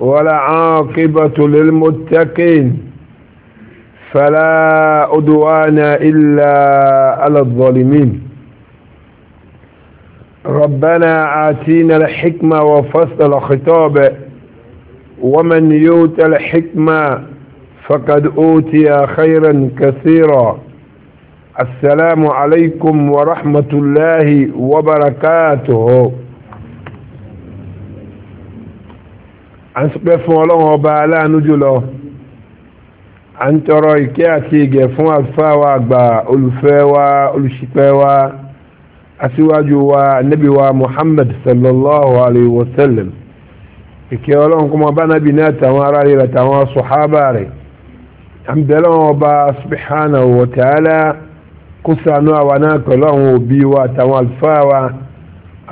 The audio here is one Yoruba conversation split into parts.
ولا عاقبة للمتقين فلا أدوان إلا على الظالمين ربنا آتينا الحكمة وفصل الخطاب ومن يؤت الحكمة فقد أوتي خيرا كثيرا السلام عليكم ورحمة الله وبركاته a ń sọpẹ́ fún ọlọ́run ọba aláàánú jùlọ a ń tọrọ ìkẹ́ àti ìgẹ̀ fún àlùfáà wa àgbà olùfẹ́ wa olùṣìpẹ̀ wa aṣíwájú wa nabi wa muhammad sallallahu alayhi wa sallam ìkẹ́ ọlọ́run kọ́mọ bá nábì náà tàwọn ará rẹ̀ tàwọn sọ̀hábà rẹ̀ à ń bẹ̀rẹ̀ wọn ọba subhanahu wa ta'ala kó ṣàánú àwa náà pẹ̀lú àwọn òbí wa àtàwọn àlùfáà wa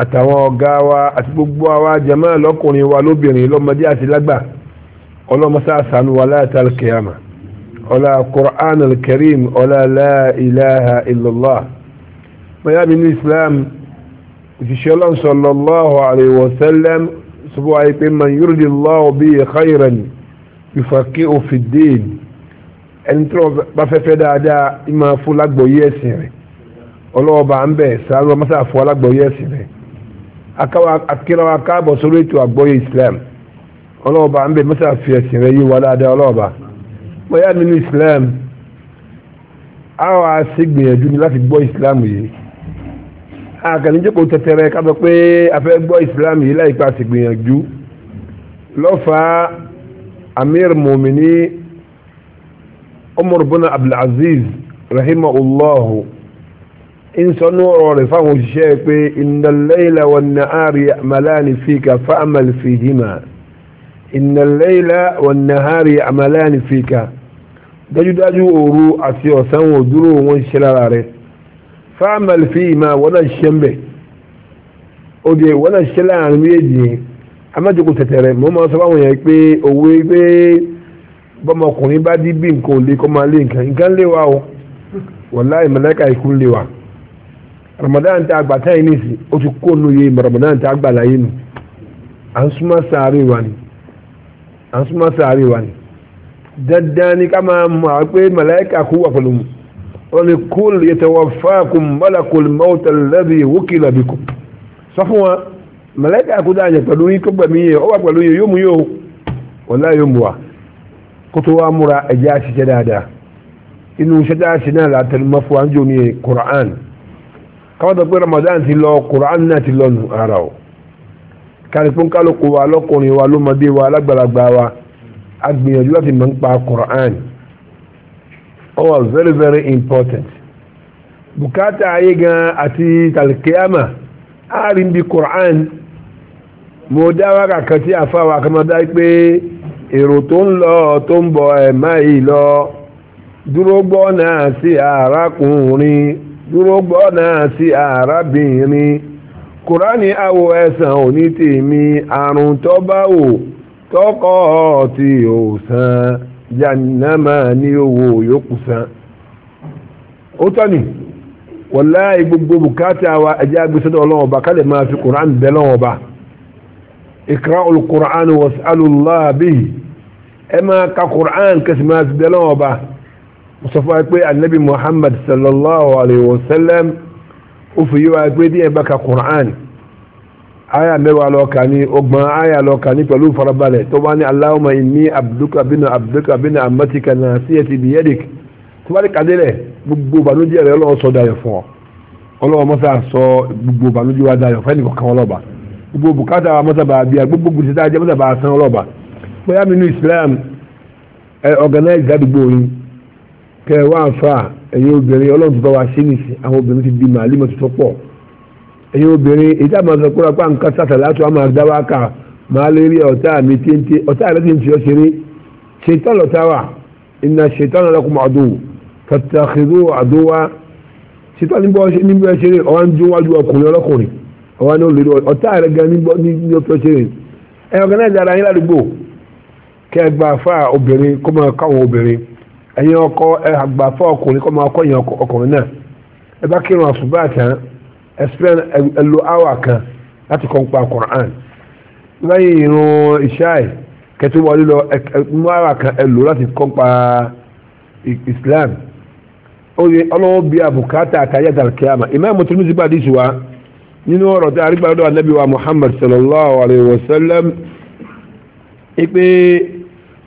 àtàwọn ọ̀gá wa àti gbogbo àwa jẹ̀mọ́ lọ́kùnrin wa lóbìnrin lọ́mọdé àti lágbà ọlọ́mọsá àsánú wa láyàtà kìyàmà ọlá Qur'an al-Karim ọlá la ilaha illallah bóyá mi ní Islam òṣìṣẹ́ ọlọ́run sallallahu alayhi wa sallam sọ́bọ̀ ayé pé man yuridi Allahu bihi khayran yufaqihu fid-din ẹni tí wọ́n bá fẹ́fẹ́ dáadáa ìmọ̀ fún lágbọ̀ọ́yé ẹ̀sìn rẹ̀ ọlọ́wọ́ bá ń bẹ̀ sáré ọmọ sáà fún alágbọ̀ọ́yé ẹ̀sìn rẹ̀ akíra wa káàbọ̀ sórí ètò àgbọ́yé islam ọlọ́ọ̀bà ń bẹ mọ́sá fi ẹ̀sìn rẹ̀ yí wa dáadáa ọlọ́ọ̀bà bóyá nínú islam a wà á sì gbìyànjú ni láti gbọ́ islam yìí àkànníjókòó tẹ̀tẹ̀rẹ̀ ká sọ pé a fẹ́ gbọ́ islam yìí láìpẹ́ a sì gbìyànjú lọ́fàá amir mumini umar bin abdulaziz rahimahullahu ń sọ ní ọ̀rọ̀ rẹ̀ fáwọn òṣìṣẹ́ pé ìnàlẹ́yìnlá wọn na àárí àmàláni fi ka fáàmàlì fi hìmà ìnàlẹ́yìnlá wọn na àárí àmàláni fi ka dájúdájú òru àti ọ̀sán wọn dúró wọn ṣe lára rẹ̀ fáàmàlì fi hìmà wọn náà ṣiṣẹ́ mbẹ̀ òde wọn náà ṣiṣẹ́ láàrin méjì yẹn amájòkó tẹ̀tẹ̀rẹ̀ mọ́ máa sọ fáwọn yẹn pé òwe pé bọ́mọkùnrin bá dí bí nǹkan ò lè kọ́ máa lé nǹkan nǹkan lé wa o wàláì màláíkà ikú lé wa ramadan tá a gbà táyì nìsí ó ti kó nu yé ramadan tá a gbà láyé nu à ń súnmọ́ sàárè wa ni à ń súnmọ́ sàárè wa ni dandan ni ká máa mọ àwọn pé màláìka kú wà pẹ̀lú mu wọ́n ní kul yatawaffakum malakul mawt alladhi wukila bikum sọ fún wa màláìka kú dáa yẹn pẹ̀lú yín kó gbẹ̀mí yẹn ó wà pẹ̀lú yẹn yóò mú yóò wàlá yóò mú wa kó tó wá múra ẹ̀jẹ̀ àṣìṣe dáadáa inú ṣẹ́dáṣe náà látẹnumọ́ fún wa ń jò ní Qur'an káwọ́tọ̀ pé Ramadan ti lọ Quran náà ti lọ nù ara o kàlífún kálukú wa lọ́kùnrin wa lọ́mọdé wa alágbàlagbà wa a gbìyànjú láti mọ̀ ń pa Quran ó wà very very important bùkátà ayé gan àti tàlìkíyàmà a rí bí Quran mo dá wákà kan tí àfáwà kan máa dá pé èrò tó ń lọ tó ń bọ̀ ẹ̀ máa yìí lọ dúró gbọ́ náà sí arákùnrin duro gbọ́nà sí arábìnrin kùránì awo ẹ̀sán òní tèmi àrùn tó bá wò tọkọ tí ò san jàǹdàmà owó yòókù san ó tọ́ ni gbogbo bùkátà wa ẹ̀jẹ̀ agbésọ́dọ̀ ọlọ́run ọba fi ìkra wọ́n sọ fún wa pé anabi muhammad sallallahu alayhi wa sallam ó fi yí wa pé díẹ̀ bá ka qur'an aya mẹ́wàá lọ́ọ̀ka ní ọgbọ̀n aya lọ́ọ̀ka ní pẹ̀lú farabalẹ̀ tó bá ní allahumma inni abduka bínú abduka bínú amatika di biyadik tó bá ní kadílẹ̀ gbogbo ìbànújẹ́ rẹ̀ ọlọ́wọ́ sọ dayọ̀ fún ọ ọlọ́wọ́ mọ́sá sọ gbogbo ìbànújẹ́ wa dayọ̀ fún ẹnìkọ̀kan ọlọ́ba gbogbo bukata wa mọ́sá bá a gbogbo gbèsè tá a jẹ́ mọ́sá bá san ọlọ́ba bóyá mi ní islam ẹ organize àdúgbò yìí kẹwàá àfa ẹ̀yin obìnrin ọlọ́run tó bá wa ṣe nìsí àwọn obìnrin ti di màálímọ̀ tó tó pọ̀ ẹ̀yin obìnrin èyí tá a máa sọ kóra pa nǹkan sàtàlátò a máa dáwà kà máa lè rí ọ̀tá mi téńté ọ̀tá rẹ ti ń fi ṣeré ṣètò lọ́tà wà ìnà ṣètò lakum àdó fàtàkìrò àdó wa ṣètò níbi ẹ ṣeré ọ̀wá ń dún wájú ọkùnrin ọlọ́kùnrin ọ̀wá ní olè ọ̀tá rẹ gan ní ọ̀tọ̀ ṣeré ẹ̀ ọ̀gá náà dára yín ládùúgbò kẹgbàáfà obìnrin kó ẹ̀yin ọkọ ẹ àgbà fọ ọkùnrin kọ́ máa kọ́ ẹ̀yin ọkùnrin náà ẹ bá kírun àṣùbà tán ẹ spend ẹ lo hour kan láti kọ́ nípa Quran lẹ́yìn irun ìṣáì kẹtù wọlé lọ ẹ mú hour kan ẹ lò láti kọ́ nípa Islam oye ọlọ́wọ́ bíi àbùkátà àtàyà dàrkíyàmà ìmáàmù tó ní ti gbàdí ìṣùwà nínú ọ̀rọ̀ tí arígbàdọ́ anábìwá Muhammad sallallahu alayhi wa sallam ipe.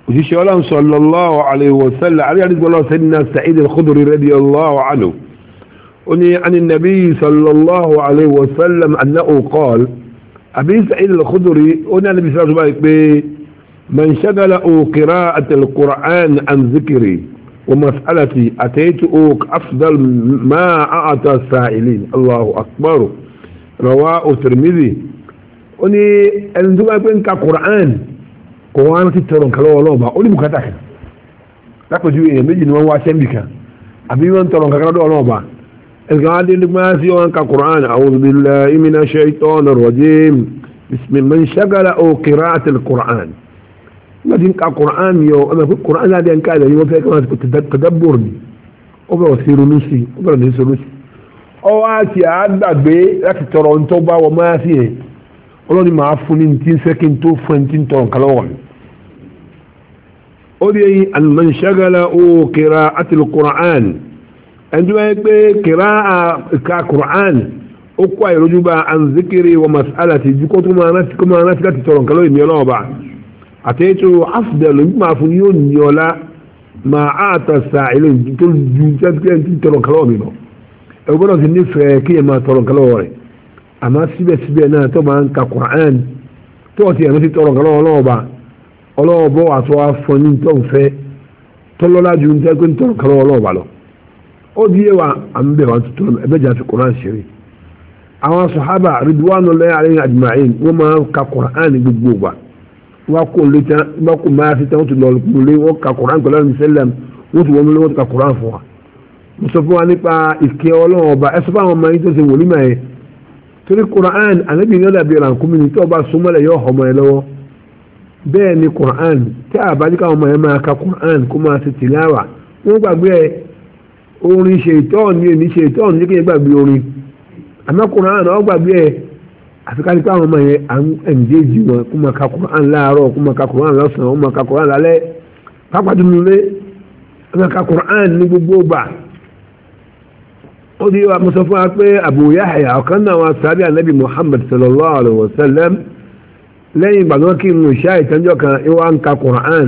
وشي شوالهم صلى الله عليه وسلم عليه حديث الله سيدنا سعيد الخضري رضي الله عنه عن النبي صلى الله عليه وسلم أنه قال أبي سعيد الخضري وني النبي صلى الله عليه وسلم من شغل قراءة القرآن عن ذكري ومسألتي أتيت أوك أفضل ما أعطى السائلين الله أكبر رواه الترمذي وني أنتم أقول قرآن kò wọ́n á ti tọrọ nǹkan lọ́wọ́ ọlọ́ọ̀bà ó ní bùkátà kan lápẹ̀jú èèyàn méjì ni wọ́n wá sẹ́ńbì kan àbí wọ́n tọrọ nǹkan lọ́dọ̀ ọlọ́ọ̀bà ẹ̀sán adédégbá sí wọn ka quran a'udhu billahi minash shaitonir rajim bisimilahi ṣagala o qira'atil quran wọ́n ti ń ka quran yọ ọmọ pé quran náà dé ń ká ìdájọ́ fẹ́ kí wọ́n ti tadabbur ni ó bẹ̀rẹ̀ sí ronú sí ó bẹ̀rẹ̀ sí ronú sí ọ wá ti àgbàgbé láti tọrọ ntọ́ wọn máa sí yẹn ọlọ́ni máa fún ní ti ń fẹ́ kí n tó fún ẹni tí ń tọrọ nǹkan lọ́wọ́ mi. ó di eyín àlùmọ́ni ṣẹ́gàlá ó kẹra àtìlù kùrán ẹni tó báyìí pé kẹra àka kùrán ó kó àìrójú bá àǹzíkiri wọ mas'ala ti ju kó tó máa rántí kó máa rántí láti tọrọ nǹkan lọ́wọ́ ìmí ọlọ́wọ́ bá àtẹ̀yẹ́tò afdẹ́lù ní máa fún yóò ní ọlá máa àtà sa ilé tó ju tẹ́tí tọrọ nǹkan mi lọ ẹ̀rọ gbọ́dọ̀ ti nífẹ̀ẹ́ kí ẹ máa tọrọ nǹkan rẹ̀ àmọ́ síbẹ̀síbẹ̀ náà tó máa ń ka Qur'an tó ọ̀tí ẹ̀rọ ti tọrọ kan lọ́wọ́lọ́wọ́ba ọlọ́wọ́bọ̀ àtọ́ afọ́ni tó ń fẹ́ tọ́lọ́lá ju níta pé ń tọrọ kan lọ́wọ́lọ́wọ́ba lọ. ó di yé wa àmì bẹ̀rẹ̀ wọn tuntun ẹ̀bẹ̀ jà fi Qur'an ṣeré. àwọn sàhábà ridwanullahi alayhim ajma'in wọ́n máa ń ka Qur'an gbogbo wa wọ́n kò lè tán wọ́n kò máa fi tán wọ́n ti lọ lè wọ́n ka Qur'an pẹ̀lú wọ́n ka Qur'an fún torí quran anabi ní ọ̀dà bíi rànkúmi ní tí ọba súnmọ́lẹ̀ yóò ọmọ ẹ lọ́wọ́ bẹ́ẹ̀ ni quran tí àbájíká ọmọ ẹ máa ka quran kó máa ṣe tìláwà wọ́n gbàgbé ẹ orin ṣètọ́ọ̀n ní èmi ṣètọ́ọ̀n ní kéèyàn gbàgbé orin àmọ́ quran ọ̀ gbàgbé ẹ àfikájú káwọn ọmọ yẹn à ń ẹ̀ǹdéjì wọn kó máa ka quran láàárọ̀ kó máa ka quran lọ́sàn-án kó máa ka quran lálẹ́ pápá ó ní wa mọ́sọ fún wa pé Abu Yahya ọ̀kan náà wọn sábẹ́ ànábì Muhammad sallallahu alayhi wa sallam lẹ́yìn ìgbà náà kí n lò ṣáà kan ìwà ń ka Qur'an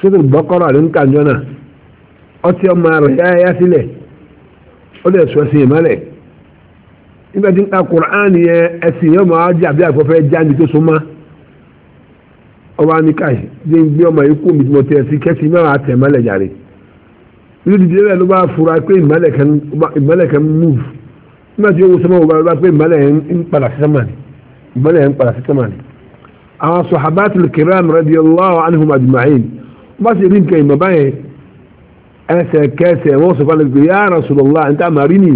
sókè Baqara ló ń ka jọ náà ọtí ọmọ rẹ̀ yáyá sílẹ̀ ó lè sọ sí ìmọ́lẹ̀ nígbà tí ń Qur'an ẹsìn yẹn àbí tó súnmọ́ ọba ní káyì gbé ọmọ ikú mi tí mo tẹ̀ sí kẹ́sì mẹ́wàá tẹ̀ mọ́lẹ̀ jàre inú dídí rẹ̀ ló bá fura pé ìmọ̀lẹ̀ kan move nígbà tí ó wo sọ́mọ́ ọba rẹ̀ pé ìmọ̀lẹ̀ ń padà sí sọ́mọ́ ni ìmọ̀lẹ̀ ń padà sí sọ́mọ́ ni. àwọn sahabatul kiram radiyallahu anhum ajma'in wọ́n bá sì rí nǹkan ìmọ̀ báyẹn ẹsẹ̀ kẹsẹ̀ wọ́n sọ fún mi ya Rasulullah níta màrí ni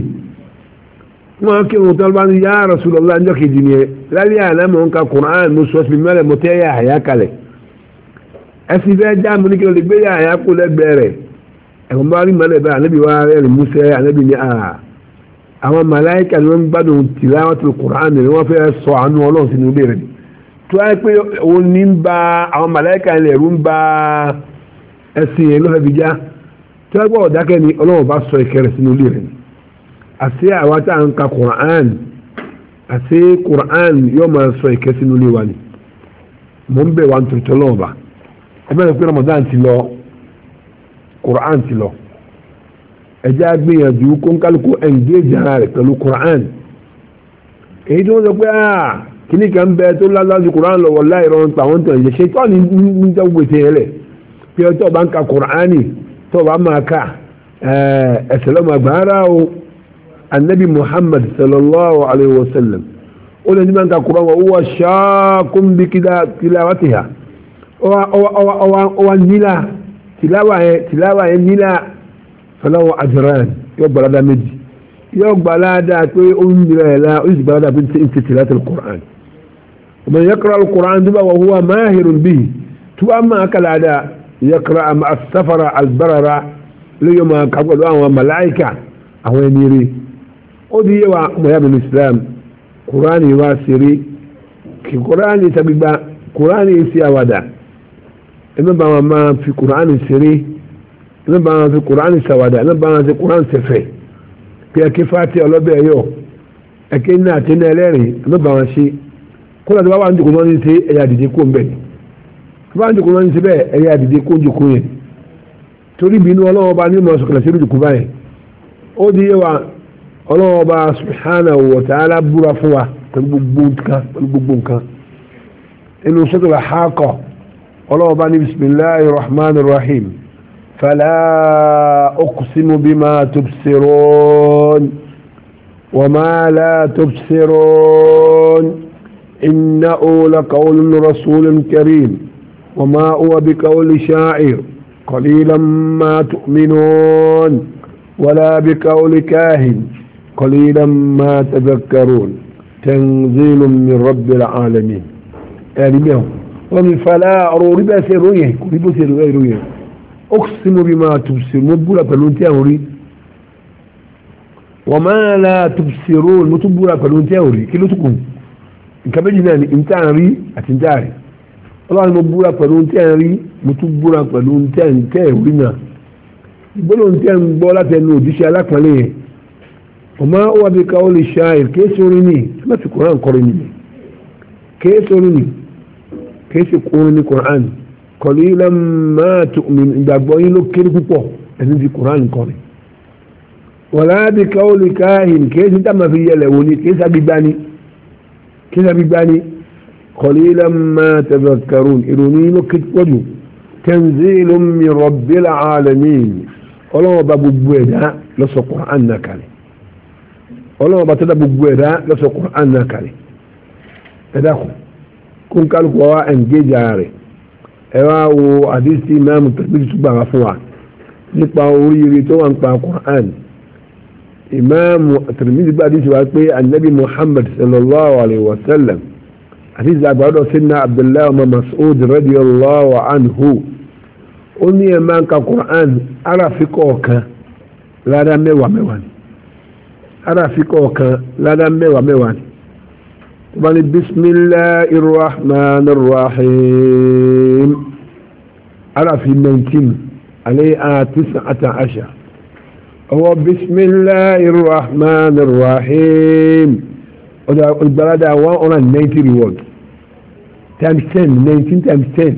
wọ́n kí wọn tọ́lú bá ní ya Rasulullah níjọ́ kejì ni ẹ lálẹ́ àná mọ̀ nǹkan Qur'an mo sọ ẹsìn bẹ́ẹ̀ ẹ̀wọ̀n bá rí mọ́lẹ̀ báyìí anábì wá rẹ́rìn músẹ́ anábì ní a àwọn màláìka ni wọ́n ń gbádùn tìlá wọn ti kùrán ni wọ́n fẹ́ sọ àánú ọlọ́run sínú ilé rẹ̀ tó wáyé pé òun ní ń ba àwọn màláìka ilẹ̀ ẹ̀rú ń ba ẹ̀sìn yẹn lọ́fẹ̀ẹ́ fi já tó wáyé pé ọ̀dákẹ́ ni ọlọ́run bá sọ ìkẹrẹ sínú ilé rẹ̀ àti àwa tá à ń ka kùrán àti kùrán yóò máa sọ ìkẹ́ sínú ilé wa ni mò ń bẹ̀ wá ń tòótọ́ lọ́wọ́ bá ẹ bẹ́ẹ̀ pé Ramadan ti lọ quran ti lọ ẹjẹ́ agbìyànjú kónkálukú engage ara rẹ̀ pẹ̀lú quran èyí tí wọ́n sọ pé ah kìnnì kan bẹ tó lálásù quran lọ wọlá ìrọrùn tàwọn tó ń ṣe ṣètò ní ní jẹ́ gbèsè yẹn lẹ̀ pé ọtọ́ bá ń ka quran tó bá máa ka eh, ẹsẹ̀ lọ́mọ àgbára o anabi muhammad sallallahu alayhi wa sallam ó lè ní bá ń ka quran wa ó wà ṣáà kó ń bí kílá wá ti hà ó wà nílà tìláwà yẹn tìláwà yẹn nílà fọláwọ àjọrán yóò gba ládàá méjì yóò gba ládàá pé ó ń nira yẹn la ó sì gba ládàá pé ń ti tìlá tẹ̀lé kùrán ọmọ yẹkọrọ alukùrán tó bá wà hùwà máhìrún bíi tó bá máa kà ládàá yẹkọrọ àmà àsáfàrà àlùbárara lóyè máa kà pẹ̀lú àwọn màláìkà àwọn ẹni di yẹ wa mọ̀yábìnrin Islam kùrán yìí wá sí rí kì kùrán yìí tàbí gba kùrán yìí sí ẹmẹ bá wọn máa fi kuraani ṣeré ẹmẹ bá wọn fi kuraani ṣàwàdà ẹmẹ bá wọn fi kuraani ṣẹ̀fẹ̀ kí ẹ kí fati ọlọbẹ ẹ yọ ẹ kí ní àti ní ẹlẹrìn ẹmẹ bá wọn ṣe kódà tó bá wà ní jòkó náà ní ṣe ẹyà àdìdì kó ń bẹ tó bá ní jòkó náà ní ṣe bẹ ẹyà àdìdì kó ń jòkó yẹn torí bínú ọlọ́wọ́ bá ní ìmọ̀ di yé wa ọlọ́wọ́ bá subhanahu wa ta'ala búra fún wa pẹ̀lú gbogbo nǹkan pẹ̀lú gbogbo nǹkan inú sọ́tò la قالوا باني بسم الله الرحمن الرحيم فلا أقسم بما تبصرون وما لا تبصرون إنه لقول رسول كريم وما هو بقول شاعر قليلا ما تؤمنون ولا بقول كاهن قليلا ما تذكرون تنزيل من رب العالمين wọ́n ní fàlà ọ̀rọ̀ orí bẹ́ẹ̀ ṣe ròyìn kò rí bó ṣe ròyìn ròyìn ó sì mú bí máa tùbùsì mú búra pẹ̀lú tí àwọn rí wọ́n máa la tùbùsì ròyìn mú tún búra pẹ̀lú tí àwọn rí kí ló tún kù nǹkan méjì náà ni nǹkan àrí àti nǹkan àrí ọlọ́run mo búra pẹ̀lú tí àwọn rí mo tún búra pẹ̀lú tí àwọn rí náà gbólóhùn tí àwọn gbọ́ láti ẹnu òjíṣẹ́ alápọ̀nlé yẹn wọ́n máa wà bí káwọ́ lè ṣe kìí ṣe kúrin ní Quran kọ̀lí lẹ́mọ̀ ìgbàgbọ́ yín ló kéré púpọ̀ ẹni tí Quran kọ́ ni. wọ̀lá bí káwọ́lì káhìn kìí ṣe dáàmà fi yẹlẹ̀ wò ni kìí ṣàgbégbani kìí ṣàgbégbani kọ̀lí lẹ́mọ̀ tadhakkarun ìròyìn ló kéré púpọ̀ jù tanzilun min rabbil alamin ọlọ́wọ́ bá gbogbo ẹ̀dá lọ́sọ̀ Quran náà kalẹ̀ ọlọ́wọ́ bá tẹ́lá gbogbo ẹ̀dá lọ́sọ̀ Quran náà kalẹ̀ ẹ̀dá kù kó ń kálukú wa engage ara rẹ̀ ẹ wá wo àdìsí mẹ́rin tẹ̀lé ìtúgbà wá fún wa nípa oríire tó wà ń pa Qur'an imaamu Tirmidhi gbàdí ti wá pé anabi Muhammad sallallahu alayhi wa sallam àti ìzàgbàdo sinna abdullahi ọmọ Mas'ud radiyallahu anhu ó ní ẹ̀ máa ń ka Qur'an aráfikọ̀ ládàá mẹ́wàá mẹ́wàá ni aráfikọ̀ ládàá mẹ́wàá mẹ́wàá ni bani bisimilahi rahman rahim arafi 19 ale a tisa ata asha ọwọ́ bisimilahi rahman rahim ìgbàládà 190 reward times 10 19 times 10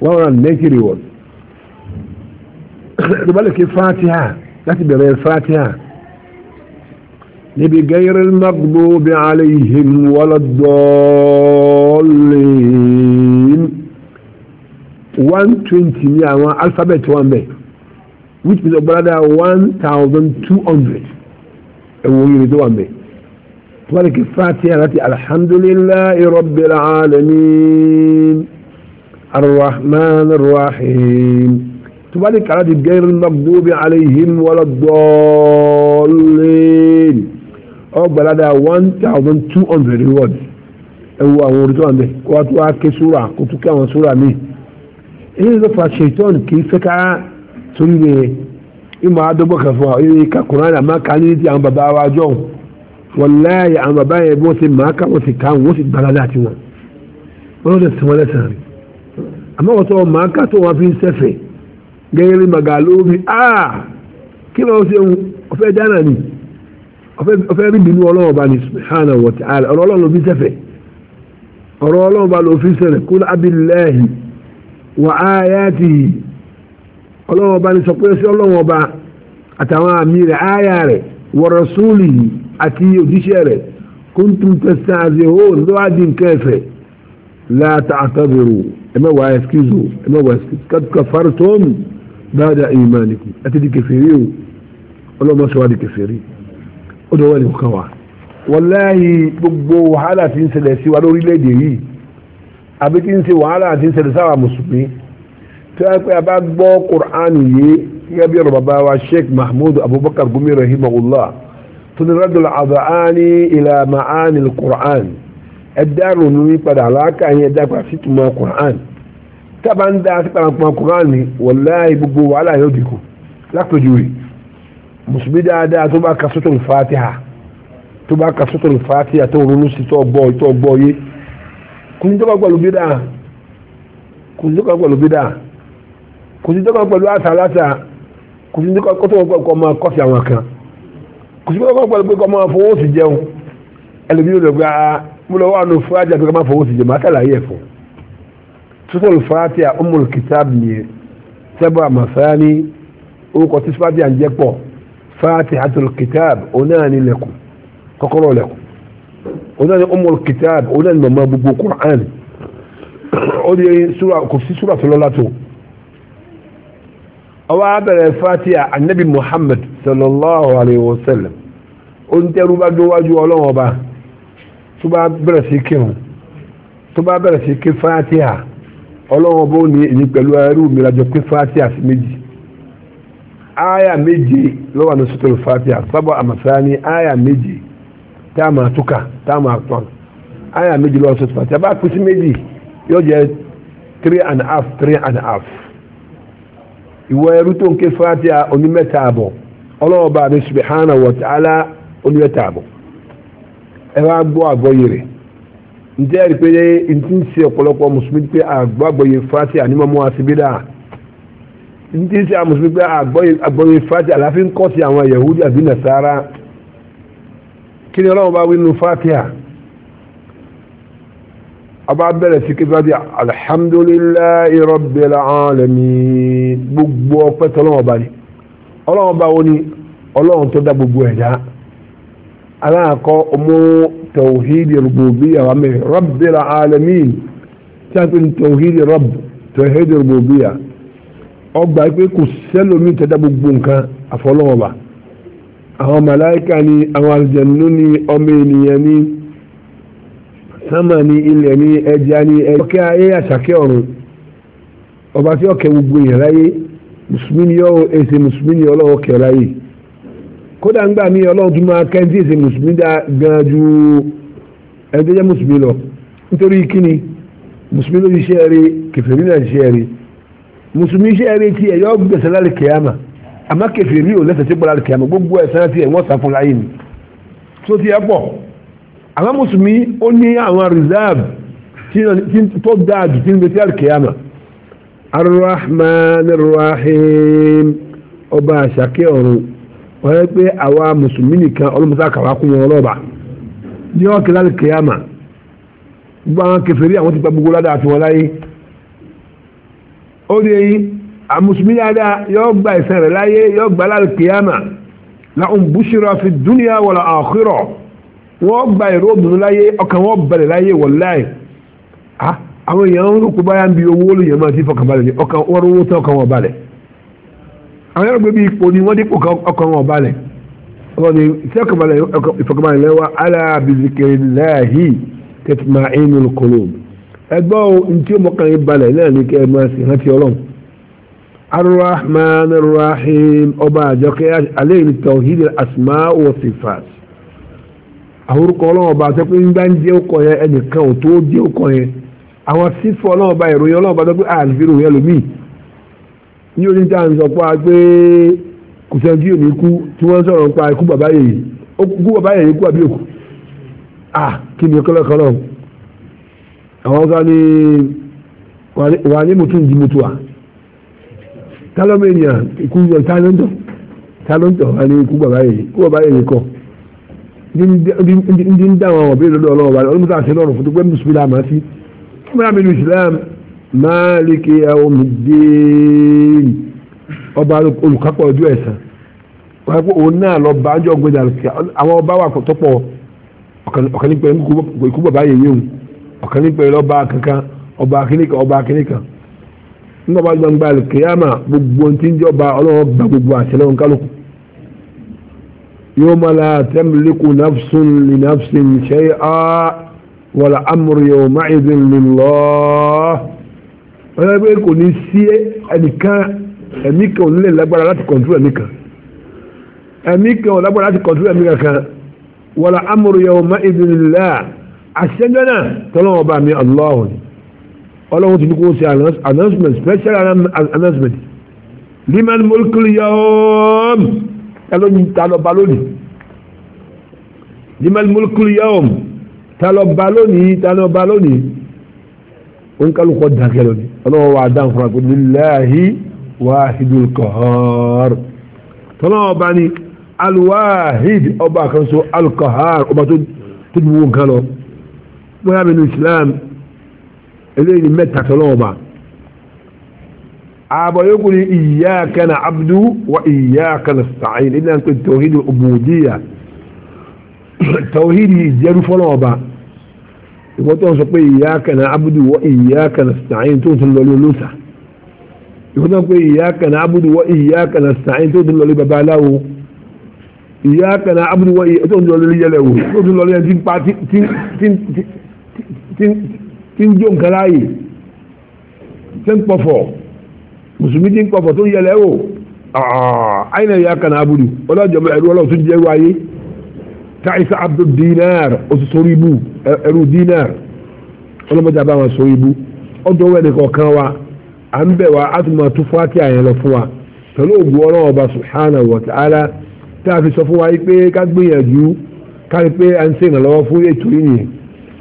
190 reward tó bá lè ké fatiha láti bẹ̀rẹ̀ fatiha níbi gẹ́rẹ́ maghdubi alayhim waladdallin 120 ní àwọn alphabet wọn bẹ̀ which is ọgbọ́nada 1200 ẹ̀wọ̀n yìí tó wọn bẹ̀ tó wà ní kí fatiha láti alhamdulillahi alamin arrahman arrahim tó wà ní kàrà alayhim waladdallin ọgbàládà one thousand two hundred words ẹwu àwọn orí tó wà ń bẹ kó wá tó wá ké súra kó tó ké àwọn súra míì èyí ló fa ṣètọ́n kì í fẹ́ ká torí rẹ̀ ìmọ̀ àdọ́gbọ̀ kan fún wa èyí ká kùnrin àmà ká ní ti àwọn bàbá wa jọ̀ wọláyé àwọn bàbá yẹn bí wọ́n ti máa ká wọ́n ti ká wọ́n sì gbàládà àti wọn wọ́n lè sàn wọ́n lẹ́sàn rí àmọ́ wọ́n tó máa ká tó wọn fi ń sẹ́fẹ̀ gẹ́gẹ́ bí màgàlóbi ah kí ló ń ṣe òun ọ̀fẹ́ dáná ni ọfẹ́ rí bínú ọlọ́run ọba ní subhanahu wa ta'ala ọ̀rọ̀ ọlọ́run ló fi sẹ́fẹ̀ ọ̀rọ̀ ọlọ́run ọba ló fi sẹ́rẹ̀ kul abillahi wa ayatihi ọlọ́run ọba ní sọpẹ́ sí ọlọ́run ọba àtàwọn àmì rẹ̀ áyà rẹ̀ wa rasulihi àti òjíṣẹ́ rẹ̀ kuntum tastahzi'un ló wá di nǹkan ẹ̀fẹ̀ la ta'tabiru ẹ̀mẹ́wàá ẹ̀skízù ẹ̀mẹ́wàá ẹ̀skízù qad kafartum ba'da imanikum àti di o ọlọ́run ọba sọ wá di ó dọwọ́ ẹnì kan wà wọláyé gbogbo wàhálà tí ń ṣẹlẹ̀ sí wa lórílẹ̀‐èdè yìí àbí tí ń ṣe wàhálà tí ń ṣẹlẹ̀ sáwà mùsùlùmí tí wọ́n pẹ́ abá gbọ́ kùránù yìí gẹ́gẹ́ bí ọ̀rọ̀ bàbá wa sheikh mahmoud abubakar gumi rahimahullah tó ní rádùn àdáhání ilà ma'ánil kùrán ẹ̀dá ronú padà aláàkà yẹn ẹ̀dá padà sí tùmọ̀ kùrán tábà ń dá sí pàrọ̀pọ̀ kùrán wọláyé gbogbo wàhálà yóò dìkù lápèjúwe mùsùlùmí dáadáa tó bá ka sọ́tò ìfàtíhà tó bá ka sọ́tò ìfàtíhà tó ronú sí tó gbọ́ tó gbọ́ yé kùn tó bá gbọ́ lóbi dáa kùn tó bá gbọ́ lóbi dáa kùn tó bá gbọ́ lóbi àṣà aláṣà kùn tó bá gbọ́ kọ́ máa kọ́sì àwọn kan kùn tó bá gbọ́ lóbi kọ́ máa fowó sí jẹun ẹlòmí ló lọ́gbà mo wà nù fúrájà pé kọ́ fowó sí jẹun máa sàlàyé fún sọ́tò ìfàtíhà Ummul Kitab nìyẹn sẹ́bà màsáni orúkọ tí fúrájà ń jẹ́ pọ̀ فاتحة الكتاب أناني لكم تقرأ لكم أناني أم الكتاب أناني ما ببو قرآن أولي سورة كفسي سورة فلولاته أو عبر الفاتحة النبي محمد صلى الله عليه وسلم أنت ربا جواجو الله با تبا برسي كيهم تبا برسي كفاتحة الله وبوني إني قالوا أروا ملاجو كفاتحة سمجي aya méje lowa na ní sùtòlù fatiha sábà àmàsáni aya méje tá a máa túkà aya méje lowa wà fatiha a pín sí méjì yóò and half three and half ìwọ ẹrú tó ń ké fatiha onímẹ́ta àbọ̀ ala subhana wa ta'ala onímẹ́ta àbọ̀ ẹ wá gbọ́ àgbọ́yé rẹ̀ ǹjẹ́ pé ti ń ọ̀pọ̀lọpọ̀ pé ndị isi àwọn mùsùlùmí pé àgbọ̀yé fati àláfíà ń kọ́ sí yahudi àbí nasara kí ni ọlọ́run bá wí nínú ọba bẹ̀rẹ̀ sí kí gbogbo ọpẹ́ tọ́lọ́wọ́n bá ní ọlọ́run bá wọ́n gbogbo ẹ̀dá ọmọ tawhidi rabbil tí a tawhidi tawhidi ọgbà pé kò sẹ́lómi tẹ́tà gbogbo nǹkan àfọlọ́wọ́ba àwọn màláìka ni àwọn àlùjànnú ni ọmọ ènìyàn ni sánmà ni ilẹ̀ ni ẹja ni ẹ̀kẹ́ ayé àṣàkẹ́ ọ̀run ọba tí ọkẹ́ gbogbo èèyàn láyé mùsùlùmí ni yọ mùsùlùmí ni ọlọ́wọ́ kẹ́ láyé kódà mí ọlọ́run máa kẹ́ ń tí mùsùlùmí dá gan ju mùsùlùmí lọ nítorí kíni mùsùlùmí ló ṣiṣẹ́ rí náà ṣiṣẹ́ rí musulmi iṣẹ́ eré tí ẹ̀yọ́ gbẹ̀sẹ̀ lálẹ́ kìyàmà àmọ́ kẹfìrí ò lẹ́sẹ̀ tí gbọ́dọ̀ lálẹ́ kìyàmà gbogbo ẹ̀sán tí ẹ̀wọ́n sá fún láyé ni tó ti ẹ̀ pọ̀ àmọ́ musulmi ó ní àwọn reserve tó dáa jù tí ń gbẹ̀sẹ̀ lálẹ́ kìyàmà arrahman arrahim ọba àṣàkẹ́ ọ̀run pé àwa musulmi nìkan ọlọ́mọsá kàwá kún wọn lọ́ba ní ọ̀kẹ́ lálẹ́ kìyàmà gbogbo àwọn kẹfìrí àwọn ti gba gbogbo ládàá àti wọn láyé ó rí eyín àmùsùlùmí dáadáa yóò gba ìsìn rẹ̀ láyé yóò gba lálùkìyàmà láhùn búṣírà fi dúnìyà wọ̀là àkírọ̀ wọ́n gba ìró obìnrin láyé ọkàn wọn balẹ̀ láyé wọ̀láì ah, àwọn èèyàn ń rúkú báyà ń bi owó lóye máa ti fọkàn balẹ̀ ní ọkàn wọn rówó tán ọkàn wọn balẹ̀ àwọn yàrá gbé bí ipò ni wọ́n dípò ọkàn wọn balẹ̀ ọkàn ni ìfọkànbalẹ̀ lẹ́wà alábìzikẹ́ láàhì tẹ̀tùmáì nínú kòlóòmù ẹgbọ́ ntí mọ̀kànlẹ̀ balẹ̀ náà ní kẹ́ ẹ máa sìn rántí ọlọ́run arrahman arrahim ọba àjọkẹ́ aleyhi tawhid asma wa sifat ọlọ́run ọba àti pé ọkọ yẹn ẹnìkan ò tó jẹ́ ọkọ yẹn àwọn ọlọ́run ọba ìròyìn ọlọ́run ọba yẹn lómi ní ń a àwọn ọ̀gá ni wà ní mutum di mutuwa tálọ́mù ènìyàn ikú yọ tálọ́ntọ̀ tálọ́ntọ̀ wà ní ikú bàbá yìí ikú bàbá yìí kọ́ ndí ń dáwọn ọ̀bí lọ́dọ̀ ọlọ́wọ́ fún mùsùlùmí ọmọdé mi Islam ọba olùkápọ̀ ojú ẹ̀sán wọ́n á pé òun náà lọ bá ọjọ́ gbé àwọn ọba wà tọ́pọ̀ ikú bàbá ọ̀kan ní pẹ̀lú ọba kankan ọba akínìkan ọba akínìkan nígbà bá gbangba kìyàmà gbogbo ohun tí ń jọba ọlọ́wọ́ gba gbogbo àṣẹ lọ́wọ́ kálukú yóò máa la tẹ́mìlíkù nafsun lè nafsin ṣe á wàlà amúrú yóò má ìdín lọ. wọ́n yẹ pé kò ní sí ẹnìkan ẹ̀mí kan ò nílẹ̀ lágbára láti kọ̀ntúrò ẹ̀mí kan ẹ̀mí kan ò lágbára láti kọ̀ntúrò ẹ̀mí kankan wàlà amúrú yóò má ìdín lọ́ọ̀ àṣẹjọ́ náà tọ́lọ́wọ́ bá mi Allahu ni ọlọ́run ti ní kó ṣe announcement special announcement liman mulkul yawm ẹlọ́yin ta lọ ba lónìí liman mulkul yawm ta lọ ba lónìí ta lọ ba lónìí onkaluko dakẹ lónìí ọlọ́run wa dáhùn fún akpọ̀ lillahi wahidul qahar tọ́lọ́wọ́ bá ní alwahid ọba kan so alqahar ọba tó dùn wọn kan lọ bóyá mi nu islam eléyìí ni mẹ́ta tọ́lọ́ ọba ààbọ̀ yóò kún ní iyyaka na'budu wa iyyaka nasta'in ilé àti tawhid ubudiyya tawhid ìjẹ́rú fọ́lọ́ ọba ìwọ́n tó ń sọ pé iyyaka na'budu wa iyyaka nasta'in tó ń sọ lọ́lọ́ lóṣà ìwọ́n tó ń pè iyyaka na'budu wa iyyaka nasta'in tó ń sọ lọ́lọ́ babaláwo iyyaka na'budu wa iyyaka tó ń tó ń sọ lọ́lọ́ yẹn tí ń jó nǹkan láàyè tí ń pọ̀fọ̀ mùsùlùmí tí ń pọ̀fọ̀ tó yẹlẹ̀ o àyìnlẹ̀ yà kàn ábùdù ọlọ́jọ́ ẹ̀rú ọlọ́run tó jẹ́ abdul dinar oṣù sórí ibú dinar ọlọ́mọdé ọdún ẹnì kọ̀ọ̀kan wa à ń bẹ̀ wá àtúmọ̀ tó fún lọ fún wa pẹ̀lú ògùn ọba subhanahu wa ta'ala tá a fi sọ fún wa yìí pé ká gbìyànjú ká rí pé à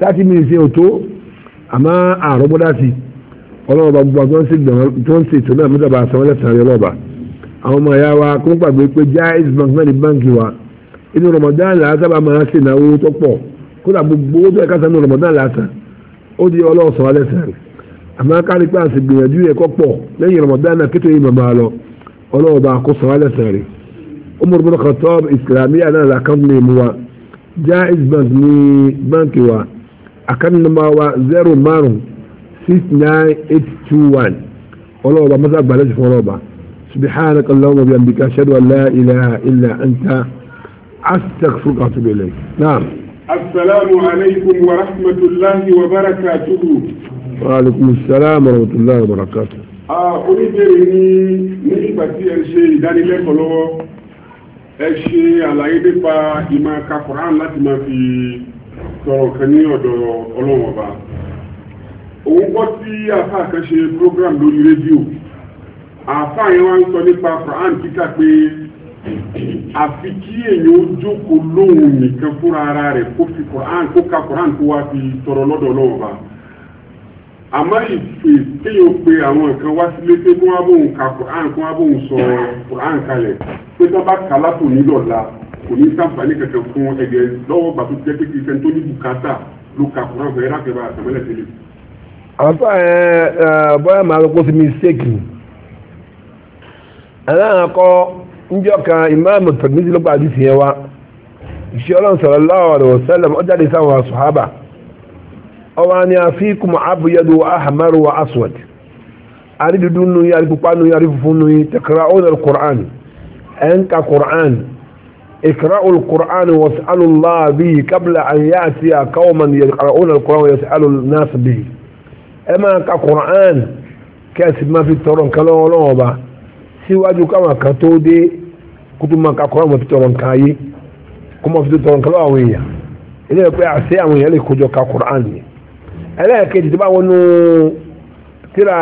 thirty minutes yẹn o tó a àrọ́gbọ́dá sí ọlọ́run ọba gbogbo àgbọn sí tó ń ṣètò náà mẹ́ta bá sanwó lẹ́sàn-án lọ́ba àwọn ọmọ ẹ̀yà wa kó gbàgbé pé Jaiz bank náà ní wa inú Ramadan làásán bá máa ṣe ìnáwó tó pọ̀ kódà gbogbo owó tó ẹ̀ka sanwó Ramadan làásán ó di sanwó àmọ́ kárí gbìyànjú akan namawa zero márùn six nine eight two one ọlọ́wọ́ bá mọ́tà gbàlẹ́ sí fún ọlọ́wọ́ bá subhanaka allahumma bihamdika ashhadu an la ilaha illa anta astaghfiruka wa atubu ilayk naam. asalaamu alaykum wa rahmatulahi wa barakatuhu. wa alaykum salaam wa rahmatulahi wa barakatuhu. oníbèrè ni nígbà tí ẹ ṣe ìdánilẹ́kọ̀ọ́ lọ́wọ́ ẹ ṣe àlàyé fi sọ̀rọ̀ kan ní ọ̀dọ̀ ọlọ́run ọba òun gbọ́ tí àfáà program lórí rédíò àfáà yẹn wá ń sọ nípa quran kíkà pé àfi kí èèyàn ó jókòó lóhùn nìkan fúnra ara rẹ kó fi quran kó ka kó wá fi tọrọ àwọn nǹkan wá sílé pé kó wá bóun ka kó wá bóun sọ kò ní sábàlẹ̀ kankan fún ẹ̀yẹ lọ́wọ́ bàtú jẹ́ pé kìí sẹ́ni tó ní bùkátà ló ka kúrò àwọn ẹ̀rọ àgbẹ̀bà àtàmẹ́lẹ̀ tẹ́lẹ̀. àfa ẹ ẹ bọ́yá màá lọ kó sí mistake aláǹkọ njọ kan ìmáàmù tẹ̀gbẹ́sì ló gbàdú tiẹ̀ wa ìṣe ọlọ́run sallallahu alaihi wasallam ó jáde sáwọn sàhábà ọwọ́ ni a fi kùmọ̀ wa ahmaru wa aswad ari dúdú nu yari pupa nu yari funfun nu tẹkara ọ̀nà Qur'an ẹ̀ ń Qur'an اقرأوا القرآن واسألوا الله به قبل أن يأتي قوما يقرؤون القرآن ويسألوا الناس به أما كقرآن كاسب ما في التورن كلام لوبا سواجو كما كتودي كتب ما كقرآن ما في التورن كاي كما في التورن كلام ويا إلى يقول أعسي أمي يلي كجو كقرآن ألا كي تبا ونو ترى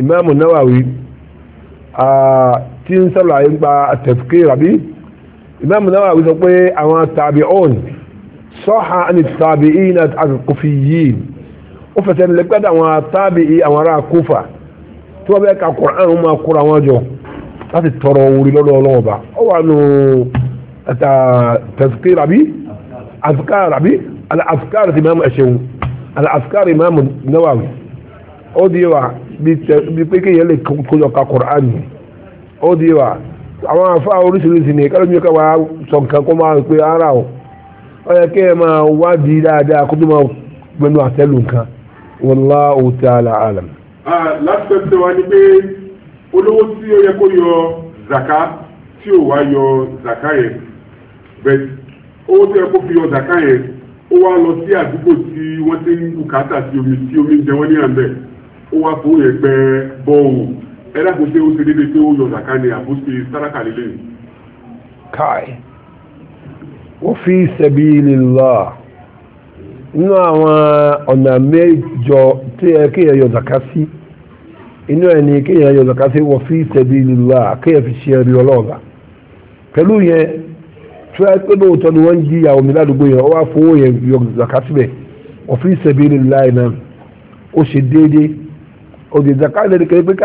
إمام النووي آه تنسل عين با التفكير بيه imam nawawi sọ pé àwọn tabi'un sọ́ha àni tabi'in al-kufiyin ó fẹsẹ̀ ní lẹ́gbẹ́dẹ́ àwọn tabi'i àwọn ará kúfà tí wọ́n bẹ́ẹ̀ ka Qur'an máa kóra wọn jọ láti tọrọ orí lọ́dọ̀ ọlọ́wọ́ bá ó wà nù tazkir àbí azkar àbí al-azkar ti imam ẹ̀ṣẹ̀wò al-azkar imam nawawi ó di wa bí pé kéèyàn lè kójọ ka Qur'an ó di àwọn afá oríṣiríṣi ní kálọ́ mìíràn wá sọ nǹkan kó máa pe ara o ó yẹ kí ẹ máa wádìí dáadáa kó tó máa gbẹnu àtẹ́lù nǹkan wallahu ta'ala alam. láti tẹ̀sí wa ni pé olówó tí ó yẹ kó yọ zaka tí ò wá yọ zaka yẹn bẹ́ẹ̀ owó tí ó yẹ kó fi yọ zaka yẹn ó wá lọ sí àdúgbò tí wọ́n ti ń bùkátà sí omi tí omi ń jẹ wọ́n ní àmbẹ̀ ó wá fún yẹn pẹ́ bọ́ọ̀lù ẹ̀rá kò ṣe ó ṣe dédé pé ó yọ zaka ni àbó ṣe sáràkà lílé káì ó fi sabilillah inú àwọn ọ̀nà mẹ́jọ tí ẹ kéèyàn yọ zaka sí inú ẹ̀ ní kéèyàn yọ zaka sí wọ́n fi sabilillah kéèyàn fi ṣe ẹ̀rí ọlọ́ọ̀gá pẹ̀lú yẹn tí wọ́n pẹ́ lóòótọ́ ni wọ́n ń jí àwọn mi ládùúgbò yẹn wọ́n wá fowó yẹn yọ zaka síbẹ̀ wọ́n fi sabilillah náà ó ṣe déédéé oge zaka lè kéde pé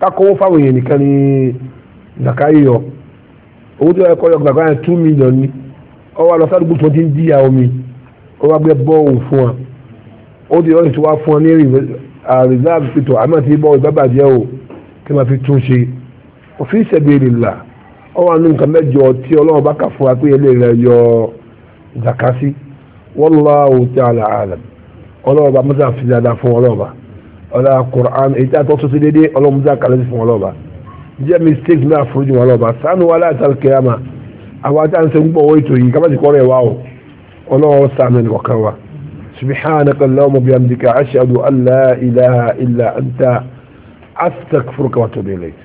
kákọ́wọ́ fáwọn èèyàn nìkan ni zaka yíyọ owó tí wọ́n kọ́ yọ gbàgbọ́ yẹn two million ni ọwọ́ tó ti ń díyà omi ọwọ́ agbẹ́ bọ́ọ̀lù fún wa ó di ọ̀sẹ̀ tí wọ́n á fún wa ní reserve pẹ̀tọ̀ àmọ́ bọ́ọ̀lù o kí wọ́n fi tún ṣe òfin sabilillah ọwọ́ àánú nǹkan mẹ́jọ tí ọlọ́run bá kà fún wa pé ẹlẹ́rìí yọ zaka sí ọ̀la Qur'an èyí tí a tọ́ sọ́sí déédéé ọlọ́mùsá kàlẹ́sì fún ọlọ́ba jẹ́ mistake náà foríjì wọn ọlọ́ba sanu wa láti kiyama àwọn àti àǹsẹ̀ ń gbọ́ owó ètò yìí kábàtì kọ́rẹ́ wa o ọlọ́wọ́ sanu ẹni kọ̀ọ̀kan wa subhanaka allahumma bihamdika ashhadu an la ilaha illa anta astaghfiruka wa atubu ilayk